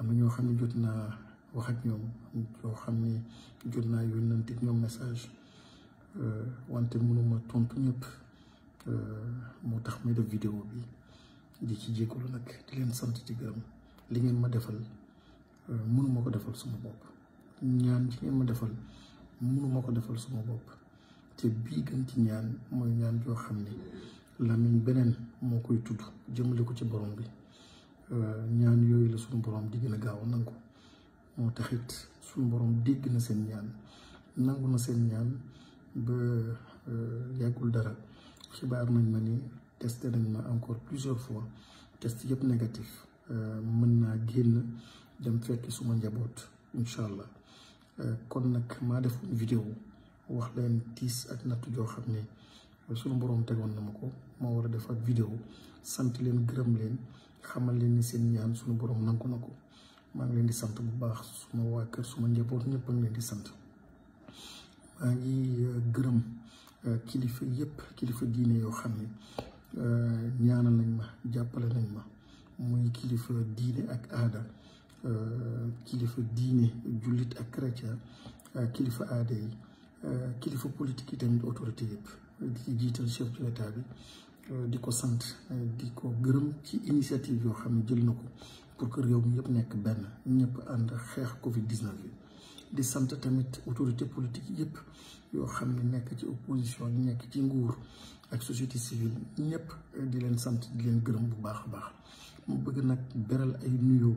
am na ñoo xam ne jot naa wax ak ñoom yoo xam ne jot naa yónnante ñoom message euh, wante mënuma tontu ñëpp euh, moo tax may def vidéo bi di ci jégalu nag di leen sant ci gërëm li ngeen ma defal euh, mënuma ko defal suma bopp ñaan ci ngeen ma defal mënuma ko defal suma bopp te bii gën ci ñaan mooy ñaan yoo xam ne làmmiñ beneen moo koy tudd jëmale ko ci borom bi Euh, ñaan yooyu la suñu borom di gën a gaaw nangu moo taxit suñu borom dégg na seen ñaan nangu na seen ñaan ba euh, yàggul dara xibaar nañ ma ni testé nañ ma encore plusieurs fois test yëpp négatif euh, mën naa génn dem fekki suma njaboot incha allah kon nag maa defoon vidéo wax leen tiis ak nattu joo xam ne sunu boroom tegoon na ma ko moo war a def ak vidéo sant leen gërëm leen xamal leen ni seen ñaan sunu borom nangu na ko maa ngi leen di sant bu baax suma waa kër suma njaboot ñëpp a ngi leen di sant maa ngi euh, gërëm euh, kilifa yëpp kilifa diine yoo xam ne euh, ñaanal nañ ma jàppale nañ ma muy kilifa diine ak aada kilifa diine jullit ak chrétien kilifa aada yi kilifa politique yi tamit autorité yëpp di ci bi euh, di ko sant euh, di ko gërëm ci initiative yoo xam ne jël na ko pour que réew mi yëpp nekk benn ñëpp ànd xeex Covid 19 bi di sant tamit autorité politique yëpp yoo xam ne nekk ci opposition yi nekk ci nguur ak société civile ñëpp euh, di leen sant di leen gërëm bu baax a baax mu bëgg nag beral ay nuyoo.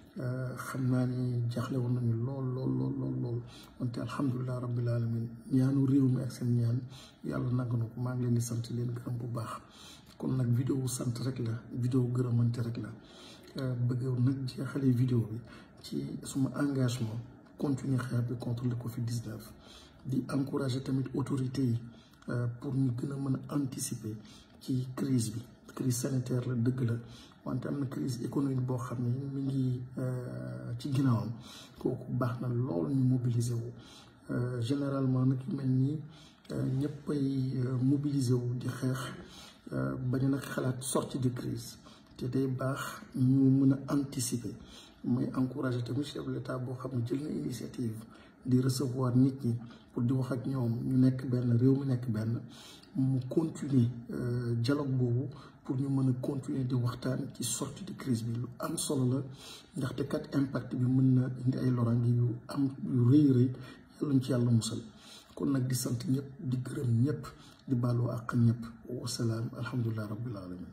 xam naa lool lool lool lool alamin ñaanu ak seen ñaan ko ngi sant bu baax kon vidéo sant rek la vidéo gërëmante rek la euh, vidéo bi ci engagement continue contre le Covid 19 di encourager tamit autorité euh, pour ñu gën a anticiper ci crise bi crise sanitaire la dëgg wante am na crise économique boo xam ne mi ngi euh, ci ginnaawam kooku baax na lool ñu mobiliser wu euh, généralement nag mel nii euh, ñëpp ay mobiliser wu di xeex bañ nag xalaat sortie de crise te day baax ñu mun a anticiper mooy encourager te chef de l'État boo xam ne jël na initiative di recevoir nit ñi pour di wax ak ñoom ñu nekk benn réew mi nekk benn mu continuer euh, dialogue boobu pour ñu mën a continuer di waxtaan ci sortie de crise bi lu am solo la ndaxte kat impact bi mën na indi ay lorange yu am yu rëy rëy yàlla ñu ci yàlla musal kon nag di sant ñëpp di gërëm ñëpp di baloo àq ñëpp wasalaam alhamdulilah rabbil alamin